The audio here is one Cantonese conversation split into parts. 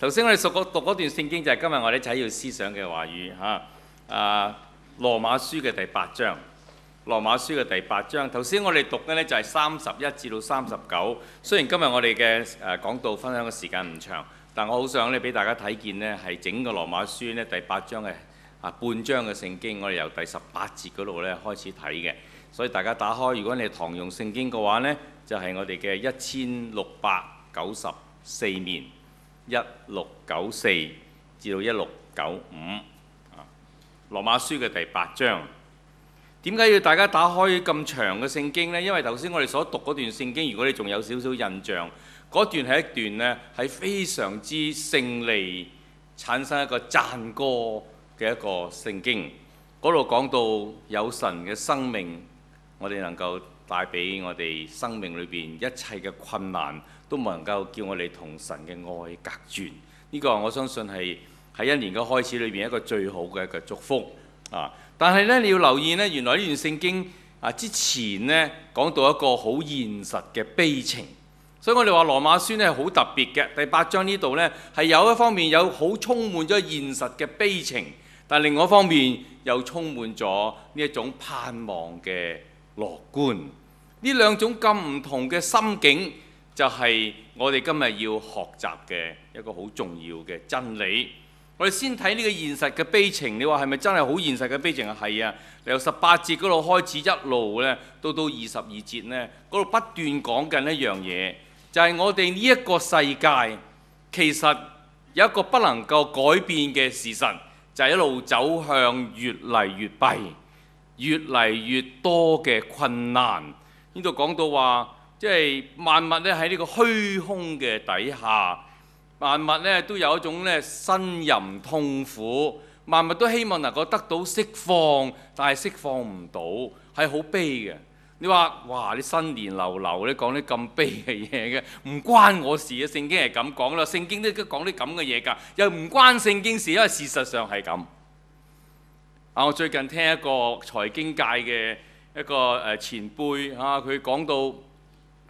頭先我哋讀嗰段聖經就係今日我哋一齊要思想嘅話語吓，啊羅馬書嘅第八章，羅馬書嘅第八章。頭先我哋讀嘅呢就係三十一至到三十九。雖然今日我哋嘅誒講道分享嘅時間唔長，但我好想咧俾大家睇見呢係整個羅馬書呢第八章嘅啊半章嘅聖經，我哋由第十八節嗰度呢開始睇嘅。所以大家打開，如果你係堂用聖經嘅話呢，就係我哋嘅一千六百九十四面。一六九四至到一六九五，啊，羅馬書嘅第八章，點解要大家打開咁長嘅聖經呢？因為頭先我哋所讀嗰段聖經，如果你仲有少少印象，嗰段係一段呢，係非常之勝利，產生一個讚歌嘅一個聖經。嗰度講到有神嘅生命，我哋能夠帶俾我哋生命裏邊一切嘅困難。都唔能夠叫我哋同神嘅愛隔絕。呢個我相信係喺一年嘅開始裏邊一個最好嘅一個祝福啊！但係呢，你要留意呢，原來呢段聖經啊，之前呢，講到一個好現實嘅悲情，所以我哋話《羅馬書》呢係好特別嘅。第八章呢度呢，係有一方面有好充滿咗現實嘅悲情，但另外一方面又充滿咗呢一種盼望嘅樂觀。呢兩種咁唔同嘅心境。就係我哋今日要學習嘅一個好重要嘅真理。我哋先睇呢個現實嘅悲，悲情，你話係咪真係好現實嘅悲情啊？係啊，由十八節嗰度開始一路呢到到二十二節呢嗰度不斷講緊一樣嘢，就係我哋呢一個世界其實有一個不能夠改變嘅事實，就係一路走向越嚟越弊、越嚟越多嘅困難。呢度講到話。即係萬物咧喺呢個虛空嘅底下，萬物咧都有一種咧呻吟痛苦，萬物都希望能夠得到釋放，但係釋放唔到，係好悲嘅。你話哇，你新年流流，你講啲咁悲嘅嘢嘅，唔關我事啊！聖經係咁講啦，聖經都講啲咁嘅嘢㗎，又唔關聖經事，因為事實上係咁。啊，我最近聽一個財經界嘅一個誒前輩啊，佢講到。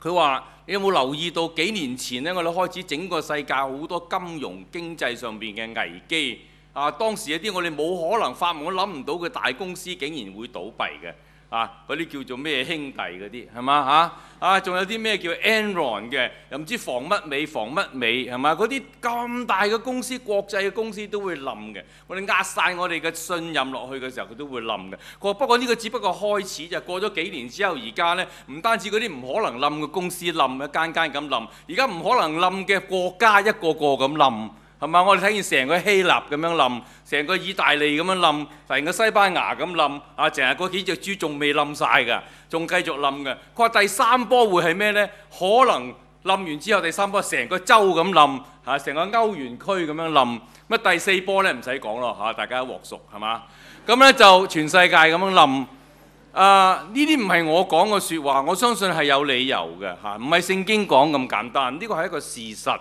佢話：你有冇留意到幾年前呢？我哋開始整個世界好多金融經濟上面嘅危機啊！當時有啲我哋冇可能發夢都諗唔到嘅大公司，竟然會倒閉嘅。啊！嗰啲叫做咩兄弟嗰啲係嘛嚇？啊，仲有啲咩叫 Enron 嘅，又唔知防乜美防乜美係嘛？嗰啲咁大嘅公司、國際嘅公司都會冧嘅。我哋壓晒我哋嘅信任落去嘅時候，佢都會冧嘅。不過呢個只不過開始就過咗幾年之後，而家呢，唔單止嗰啲唔可能冧嘅公司冧一間間咁冧，而家唔可能冧嘅國家一個個咁冧。係嘛？我哋睇見成個希臘咁樣冧，成個意大利咁樣冧，成個西班牙咁冧，啊，成日嗰幾隻豬仲未冧晒㗎，仲繼續冧㗎。佢話第三波會係咩呢？可能冧完之後，第三波成個州咁冧，嚇，成個歐元區咁樣冧。乜第四波呢，唔使講咯，嚇，大家一鑊熟係嘛？咁呢就全世界咁樣冧。啊、呃，呢啲唔係我講嘅説話，我相信係有理由嘅嚇，唔係聖經講咁簡單，呢個係一個事實。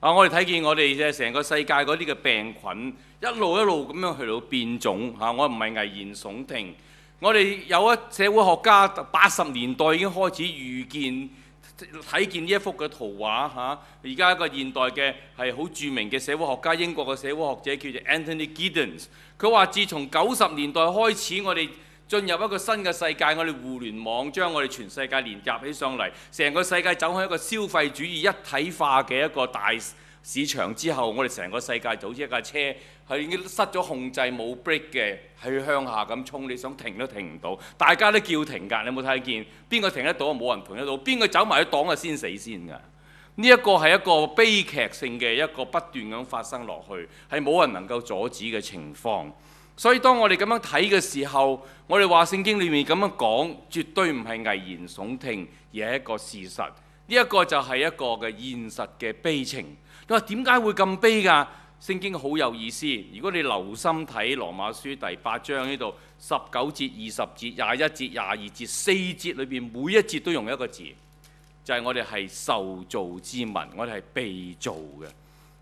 啊！我哋睇見我哋嘅成個世界嗰啲嘅病菌一路一路咁樣去到變種嚇，我唔係危言聳聽。我哋有一社會學家八十年代已經開始預見睇見呢一幅嘅圖畫嚇。而家一個現代嘅係好著名嘅社會學家，英國嘅社會學者叫做 Anthony Giddens。佢話自從九十年代開始，我哋進入一個新嘅世界，我哋互聯網將我哋全世界連接起上嚟，成個世界走向一個消費主義一體化嘅一個大市場之後，我哋成個世界就好似一架車，係已經失咗控制，冇 break 嘅，去向下咁衝，你想停都停唔到。大家都叫停㗎，你有冇睇見？邊個停得到啊？冇人停得到。邊個走埋去擋啊？先死先㗎。呢、這、一個係一個悲劇性嘅一個不斷咁發生落去，係冇人能夠阻止嘅情況。所以當我哋咁樣睇嘅時候，我哋話聖經裏面咁樣講，絕對唔係危言聳聽，而係一個事實。呢一個就係一個嘅現實嘅悲情。你話點解會咁悲㗎？聖經好有意思。如果你留心睇羅馬書第八章呢度十九節、二十節、廿一節、廿二節四節裏邊每一節都用一個字，就係我哋係受造之民，我哋係被造嘅。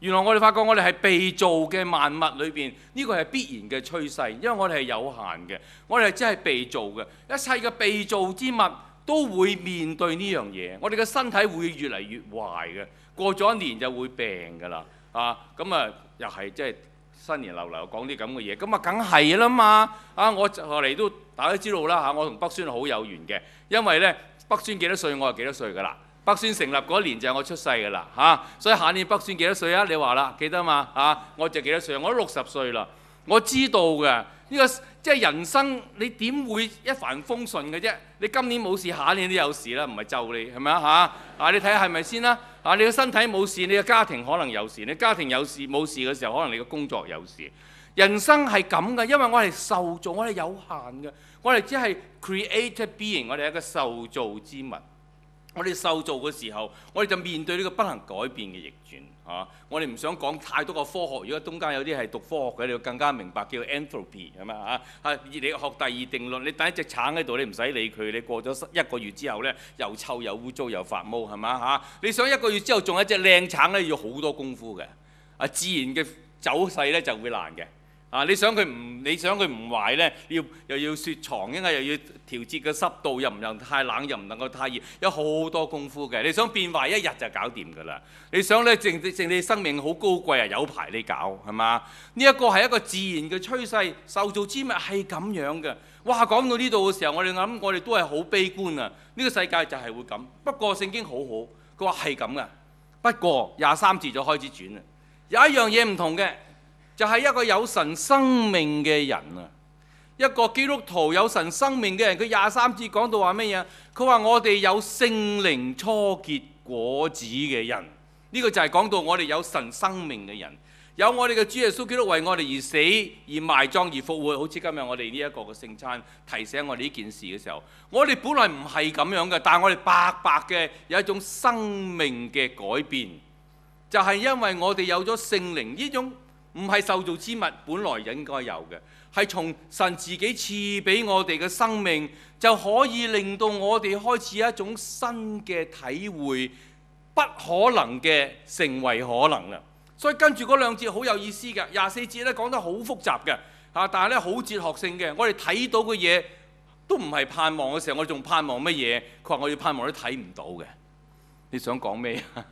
原來我哋發覺，我哋係被造嘅萬物裏邊，呢個係必然嘅趨勢，因為我哋係有限嘅，我哋係真係被造嘅，一切嘅被造之物都會面對呢樣嘢，我哋嘅身體會越嚟越壞嘅，過咗一年就會病㗎啦，啊，咁、嗯、啊又係即係新年流流講啲咁嘅嘢，咁啊梗係啦嘛，啊我後嚟都大家知道啦嚇，我同北孫好有緣嘅，因為呢，北孫幾多歲，我係幾多歲㗎啦。北宣成立嗰一年就係我出世㗎啦嚇，所以下年北宣幾多歲啊？你話啦，記得嘛嚇、啊？我就幾多歲？我都六十歲啦。我知道嘅呢、呢個即係、即係、人生，你點會一帆風順嘅啫？你今年冇事，下年都有事啦，唔係咒你係咪啊嚇？啊，你睇下係咪先啦？啊，你個身體冇事，你個家庭可能有事；你家庭有事冇事嘅時候，可能你個工作有事。人生係咁嘅，因為我係受造，我係有限嘅，我哋只係 created being，我哋係一個受造之物。我哋受造嘅時候，我哋就面對呢個不能改變嘅逆轉，嚇、啊！我哋唔想講太多個科學。如果中間有啲係讀科學嘅，你要更加明白叫 entropy 係嘛嚇？啊，熱力學第二定律，你等一隻橙喺度，你唔使理佢，你過咗一個月之後呢，又臭又污糟又發毛，係嘛嚇？你想一個月之後有一隻靚橙呢？要好多功夫嘅。啊，自然嘅走勢呢就會難嘅。啊！你想佢唔你想佢唔壞呢？要又，又要雪藏，因為又要調節個濕度，又唔能太冷，又唔能夠太熱，有好多功夫嘅。你想變壞一日就搞掂㗎啦！你想咧，正正你生命好高貴啊，有排你搞係嘛？呢一個係一個自然嘅趨勢，受造之物係咁樣嘅。哇！講到呢度嘅時候，我哋諗我哋都係好悲觀啊！呢個世界就係會咁。不過聖經好好，佢話係咁㗎。不過廿三節就開始轉啦，有一樣嘢唔同嘅。就係一個有神生命嘅人啊！一個基督徒有神生命嘅人，佢廿三節講到話咩嘢？佢話我哋有聖靈初結果子嘅人，呢個就係講到我哋有神生命嘅人，有我哋嘅主耶穌基督為我哋而死而埋葬而復活，好似今日我哋呢一個嘅聖餐提醒我哋呢件事嘅時候，我哋本來唔係咁樣嘅，但係我哋白白嘅有一種生命嘅改變，就係因為我哋有咗聖靈呢種。唔係受造之物，本來應該有嘅，係從神自己賜俾我哋嘅生命，就可以令到我哋開始一種新嘅體會，不可能嘅成為可能啦。所以跟住嗰兩節好有意思嘅，廿四節咧講得好複雜嘅，嚇，但係咧好哲學性嘅。我哋睇到嘅嘢都唔係盼望嘅時候，我仲盼望乜嘢？佢話我哋盼望都睇唔到嘅。你想講咩啊？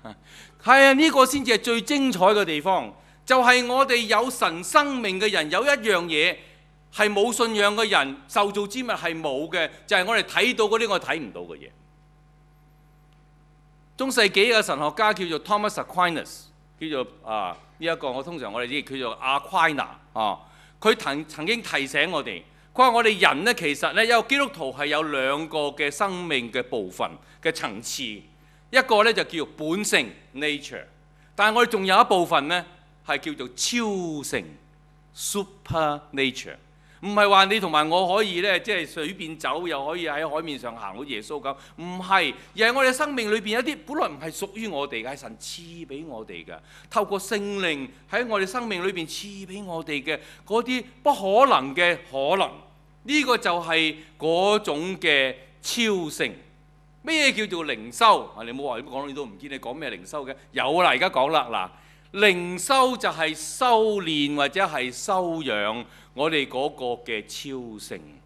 係啊，呢個先至係最精彩嘅地方。就係、是、我哋有神生命嘅人，有一樣嘢係冇信仰嘅人、受造之物係冇嘅，就係、是、我哋睇到嗰啲我睇唔到嘅嘢。中世紀嘅神學家叫做 Thomas Aquinas，叫做啊呢一，這個我通常我哋知叫做 a q 阿奎納啊，佢曾曾經提醒我哋，佢話我哋人呢，其實呢，有基督徒係有兩個嘅生命嘅部分嘅層次，一個呢，就叫本性 nature，但係我哋仲有一部分呢。係叫做超性 （supernature），唔係話你同埋我可以呢，即係隨便走又可以喺海面上行到耶穌咁，唔係，而係我哋生命裏邊有啲本來唔係屬於我哋嘅，係神賜俾我哋嘅，透過聖靈喺我哋生命裏邊賜俾我哋嘅嗰啲不可能嘅可能，呢個就係嗰種嘅超性。咩叫做靈修？啊，你冇話咁講，你都唔知你講咩靈修嘅。有啦，而家講啦，嗱。靈修就係修煉，或者係修養我哋嗰個嘅超性。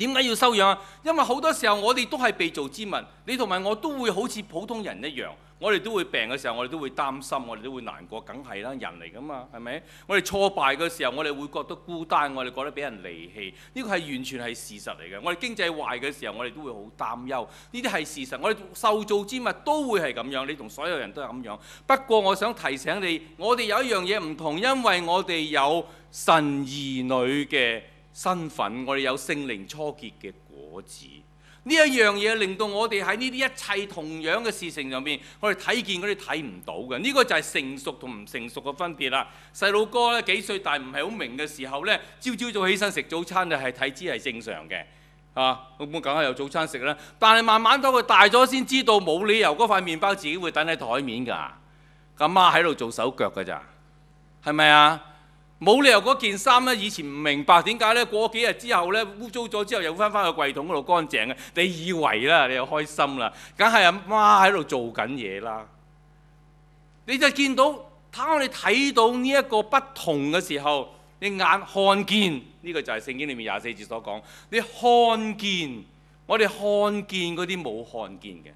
點解要收養啊？因為好多時候我哋都係被造之物，你同埋我都會好似普通人一樣，我哋都會病嘅時候，我哋都會擔心，我哋都會難過，梗係啦，人嚟噶嘛，係咪？我哋挫敗嘅時候，我哋會覺得孤單，我哋覺得俾人離棄，呢個係完全係事實嚟嘅。我哋經濟壞嘅時候，我哋都會好擔憂，呢啲係事實。我哋受造之物都會係咁樣，你同所有人都係咁樣。不過我想提醒你，我哋有一樣嘢唔同，因為我哋有神兒女嘅。身份，我哋有聖靈初結嘅果子，呢一樣嘢令到我哋喺呢啲一切同樣嘅事情上面，我哋睇見佢哋睇唔到嘅，呢個就係成熟同唔成熟嘅分別啦。細路哥咧幾歲大，但唔係好明嘅時候呢，朝朝早起身食早餐就係睇知係正常嘅，嚇咁梗係有早餐食啦。但係慢慢到佢大咗先知道，冇理由嗰塊麵包自己會等喺台面㗎，咁媽喺度做手腳㗎咋，係咪啊？冇理由嗰件衫咧，以前唔明白點解咧，過幾日之後咧，污糟咗之後又翻翻去櫃桶嗰度乾淨嘅。你以為啦，你又開心啦，梗係阿媽喺度做緊嘢啦。你就見到，睇我哋睇到呢一個不同嘅時候，你眼看見呢個就係聖經裏面廿四節所講，你看見，我哋看見嗰啲冇看見嘅，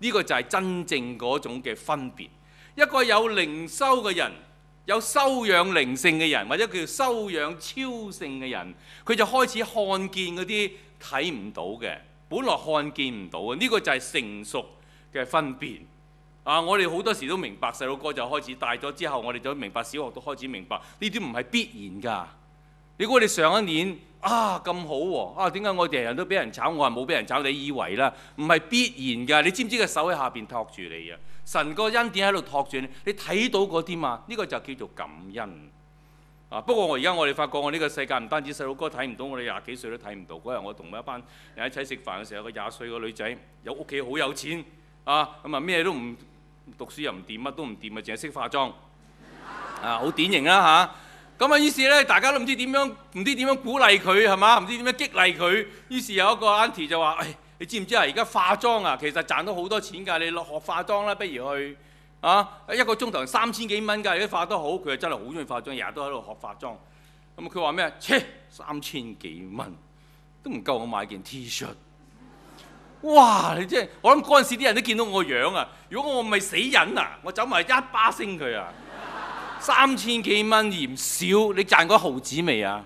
呢個就係真正嗰種嘅分別。一個有靈修嘅人。有修養靈性嘅人，或者叫修養超性嘅人，佢就開始看見嗰啲睇唔到嘅，本來看見唔到嘅。呢、這個就係成熟嘅分別。啊，我哋好多時都明白，細路哥就開始大咗之後，我哋就明白，小學都開始明白呢啲唔係必然㗎。如果我哋上一年啊咁好喎，啊點解、啊啊、我哋人人都俾人炒，我話冇俾人炒？你以為啦，唔係必然㗎。你知唔知個手喺下邊托住你啊？神個恩典喺度托住你，你睇到嗰啲嘛？呢個就叫做感恩啊！不過我而家我哋發覺，我呢個世界唔單止細路哥睇唔到，我哋廿幾歲都睇唔到。嗰日我同埋一班人一齊食飯嘅時候，有個廿歲個女仔有屋企好有錢啊，咁啊咩都唔讀書又唔掂，乜都唔掂啊，淨係識化妝啊，好典型啦吓，咁啊於是咧，大家都唔知點樣，唔知點樣鼓勵佢係嘛，唔知點樣激勵佢。於是有一個 Auntie 就話：哎你知唔知啊？而家化妝啊，其實賺到好多錢㗎。你落學化妝啦，不如去啊一個鐘頭三千幾蚊㗎，啲化得好，佢又真係好鍾意化妝，日日都喺度學化妝。咁佢話咩？切，三千幾蚊都唔夠我買件 T-shirt。哇！你真係我諗嗰陣時啲人都見到我個樣啊。如果我唔係死人啊，我走埋一巴星佢啊！ 三千幾蚊嫌少，你賺過一毫子未啊？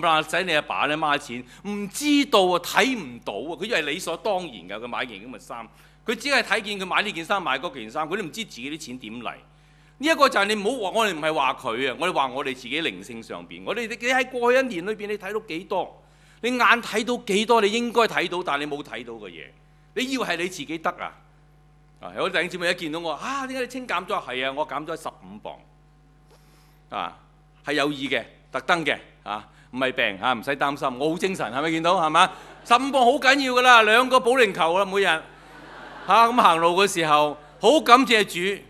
冚唪唥使你阿爸咧媽，媽錢，唔知道啊，睇唔到啊。佢以為理所當然㗎，佢買件咁嘅衫，佢只係睇見佢買呢件衫、買嗰件衫，佢都唔知自己啲錢點嚟。呢、這、一個就係你唔好話，我哋唔係話佢啊，我哋話我哋自己靈性上邊。我哋你喺過去一年裏邊，你睇到幾多？你眼睇到幾多？你應該睇到，但你冇睇到嘅嘢，你以為係你自己得啊？啊，有啲弟兄姊妹一見到我，啊，點解你清減咗？係啊，我減咗十五磅。啊，係有意嘅，特登嘅啊。唔係病嚇，唔、啊、使擔心，我好精神，係咪見到？係嘛，十五磅好緊要㗎啦，兩個保齡球啦，每日嚇咁行路嘅時候，好感謝主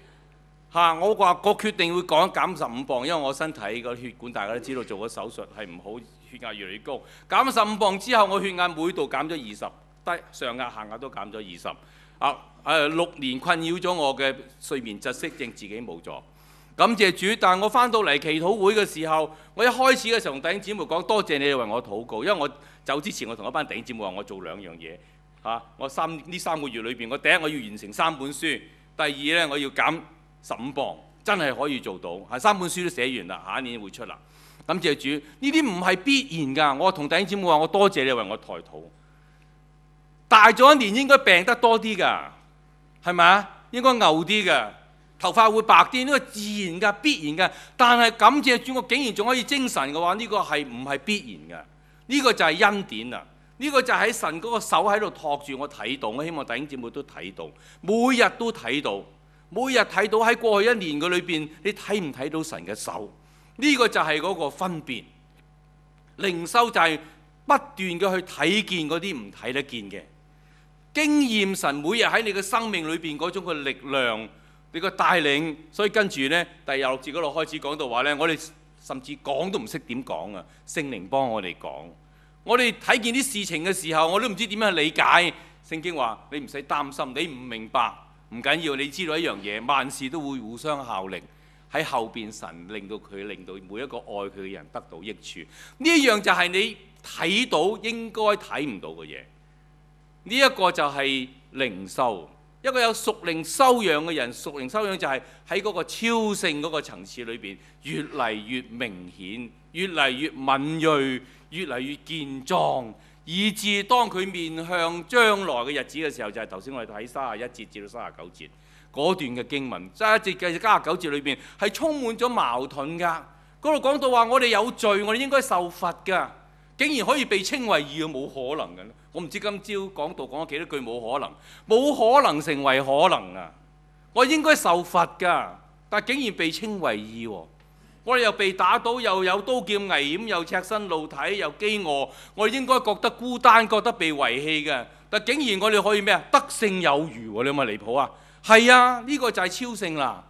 嚇、啊。我話個決定會講減十五磅，因為我身體個血管大家都知道做咗手術係唔好，血壓越嚟越高。減十五磅之後，我血壓每度減咗二十，低上壓下壓都減咗二十。啊誒，六年困擾咗我嘅睡眠窒息症，自己冇咗。感謝主，但係我返到嚟祈禱會嘅時候，我一開始嘅時候同弟兄姊妹講，多謝你哋為我禱告，因為我走之前我同一班弟兄姊妹話，我做兩樣嘢嚇，我三呢三個月裏邊，我第一我要完成三本書，第二咧我要減十五磅，真係可以做到，係三本書都寫完啦，下一年會出啦。感謝主，呢啲唔係必然㗎，我同弟兄姊妹話，我多謝你為我代禱。大咗一年應該病得多啲㗎，係咪啊？應該牛啲㗎。頭髮會白啲，呢個自然嘅必然嘅。但係感謝主，我竟然仲可以精神嘅話，呢個係唔係必然嘅？呢個就係恩典啦。呢個就係神嗰個手喺度托住我睇到，我希望弟兄姊妹都睇到，每日都睇到，每日睇到喺過去一年嘅裏邊，你睇唔睇到神嘅手？呢個就係嗰個分別。靈修就係不斷嘅去睇見嗰啲唔睇得見嘅經驗神，每日喺你嘅生命裏邊嗰種嘅力量。你個帶領，所以跟住呢，第廿六節嗰度開始講到話呢，我哋甚至講都唔識點講啊！聖靈幫我哋講，我哋睇見啲事情嘅時候，我都唔知點樣理解。聖經話：你唔使擔心，你唔明白唔緊要，你知道一樣嘢，萬事都會互相效力，喺後邊神令到佢，令到每一個愛佢嘅人得到益處。呢一樣就係你睇到應該睇唔到嘅嘢。呢一個就係靈修。一個有屬靈修養嘅人，屬靈修養就係喺嗰個超性嗰個層次裏邊，越嚟越明顯，越嚟越敏鋭，越嚟越健壯，以至當佢面向將來嘅日子嘅時候，就係頭先我哋睇三十一節至到三十九節嗰段嘅經文，三十一節至到三十九節裏邊係充滿咗矛盾㗎。嗰度講到話我哋有罪，我哋應該受罰㗎。竟然可以被稱為義，冇可能嘅。我唔知今朝講道講咗幾多句冇可能，冇可能成為可能啊！我應該受罰㗎，但竟然被稱為義，我哋又被打倒，又有刀劍危險，又赤身露體，又飢餓。我哋應該覺得孤單，覺得被遺棄嘅。但竟然我哋可以咩啊？得勝有餘喎！你係咪離譜啊？係啊，呢個就係超聖啦。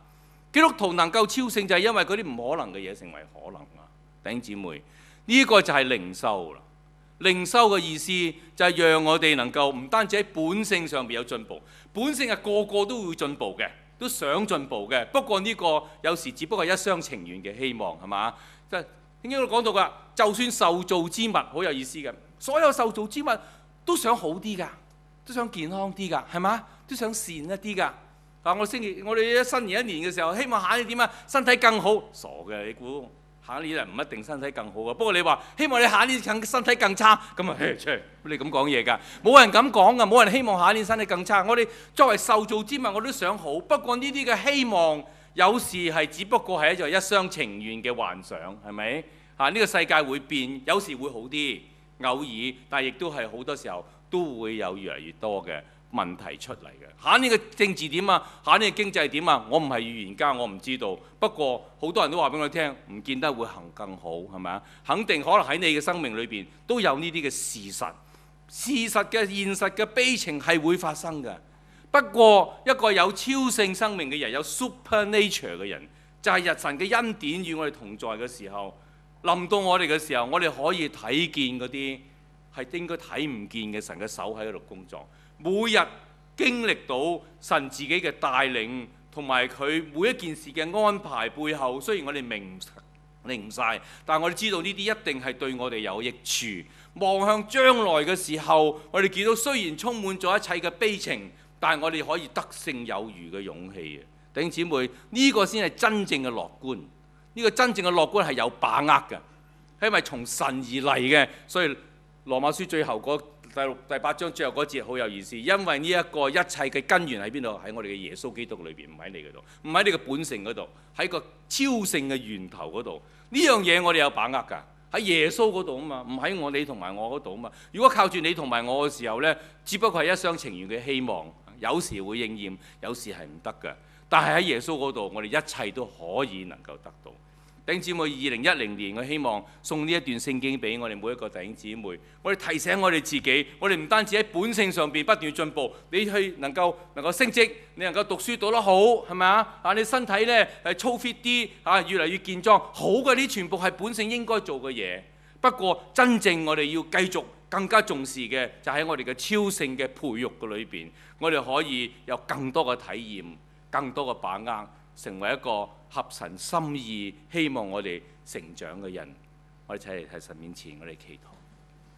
基督徒能夠超聖，就係因為嗰啲唔可能嘅嘢成為可能啊！弟兄姊妹。呢個就係靈修啦。靈修嘅意思就係讓我哋能夠唔單止喺本性上面有進步。本性係個個都會進步嘅，都想進步嘅。不過呢個有時只不過係一廂情願嘅希望，係嘛？即係點解我講到㗎？就算受造之物，好有意思嘅。所有受造之物都想好啲㗎，都想健康啲㗎，係嘛？都想善一啲㗎。但係我哋新年，我哋新年一年嘅時候，希望下年點啊？身體更好？傻嘅，你估？下年人唔一定身體更好啊。不過你話希望你下年身體更差，咁啊，切！你咁講嘢㗎，冇人咁講啊。冇人希望下一年身體更差。我哋作為受造之物，我都想好，不過呢啲嘅希望有時係只不過係一種一廂情願嘅幻想，係咪？啊，呢個世界會變，有時會好啲，偶爾，但係亦都係好多時候都會有越嚟越多嘅。問題出嚟嘅，下呢個政治點啊，下呢個經濟點啊，我唔係預言家，我唔知道。不過好多人都話俾我聽，唔見得會行更好，係咪啊？肯定可能喺你嘅生命裏邊都有呢啲嘅事實，事實嘅現實嘅悲情係會發生嘅。不過一個有超性生命嘅人，有 supernatural 嘅人，就係、是、日神嘅恩典與我哋同在嘅時候，臨到我哋嘅時候，我哋可以睇見嗰啲係應該睇唔見嘅神嘅手喺度工作。每日經歷到神自己嘅帶領，同埋佢每一件事嘅安排背後，雖然我哋明明唔晒，但係我哋知道呢啲一定係對我哋有益處。望向將來嘅時候，我哋見到雖然充滿咗一切嘅悲情，但係我哋可以得勝有餘嘅勇氣嘅。弟兄姊妹，呢個先係真正嘅樂觀。呢個真正嘅樂觀係有把握嘅，係因為從神而嚟嘅，所以羅馬書最後嗰，第六、第八章最後嗰節好有意思，因為呢一個一切嘅根源喺邊度？喺我哋嘅耶穌基督裏邊，唔喺你嗰度，唔喺你嘅本性嗰度，喺個超聖嘅源頭嗰度。呢樣嘢我哋有把握㗎，喺耶穌嗰度啊嘛，唔喺我你同埋我嗰度啊嘛。如果靠住你同埋我嘅時候呢，只不過係一廂情願嘅希望，有時會應驗，有時係唔得㗎。但係喺耶穌嗰度，我哋一切都可以能夠得到。弟兄姊妹，二零一零年，我希望送呢一段聖經俾我哋每一個弟兄姊妹。我哋提醒我哋自己，我哋唔單止喺本性上邊不斷進步，你去能夠能夠升職，你能夠讀書讀得好，係咪啊？啊，你身體咧係操 fit 啲，啊越嚟越健壯，好嘅啲全部係本性應該做嘅嘢。不過真正我哋要繼續更加重視嘅，就喺、是、我哋嘅超性嘅培育嘅裏邊，我哋可以有更多嘅體驗，更多嘅把握。成為一個合神心意，希望我哋成長嘅人，我哋一齊嚟喺神面前，我哋祈禱。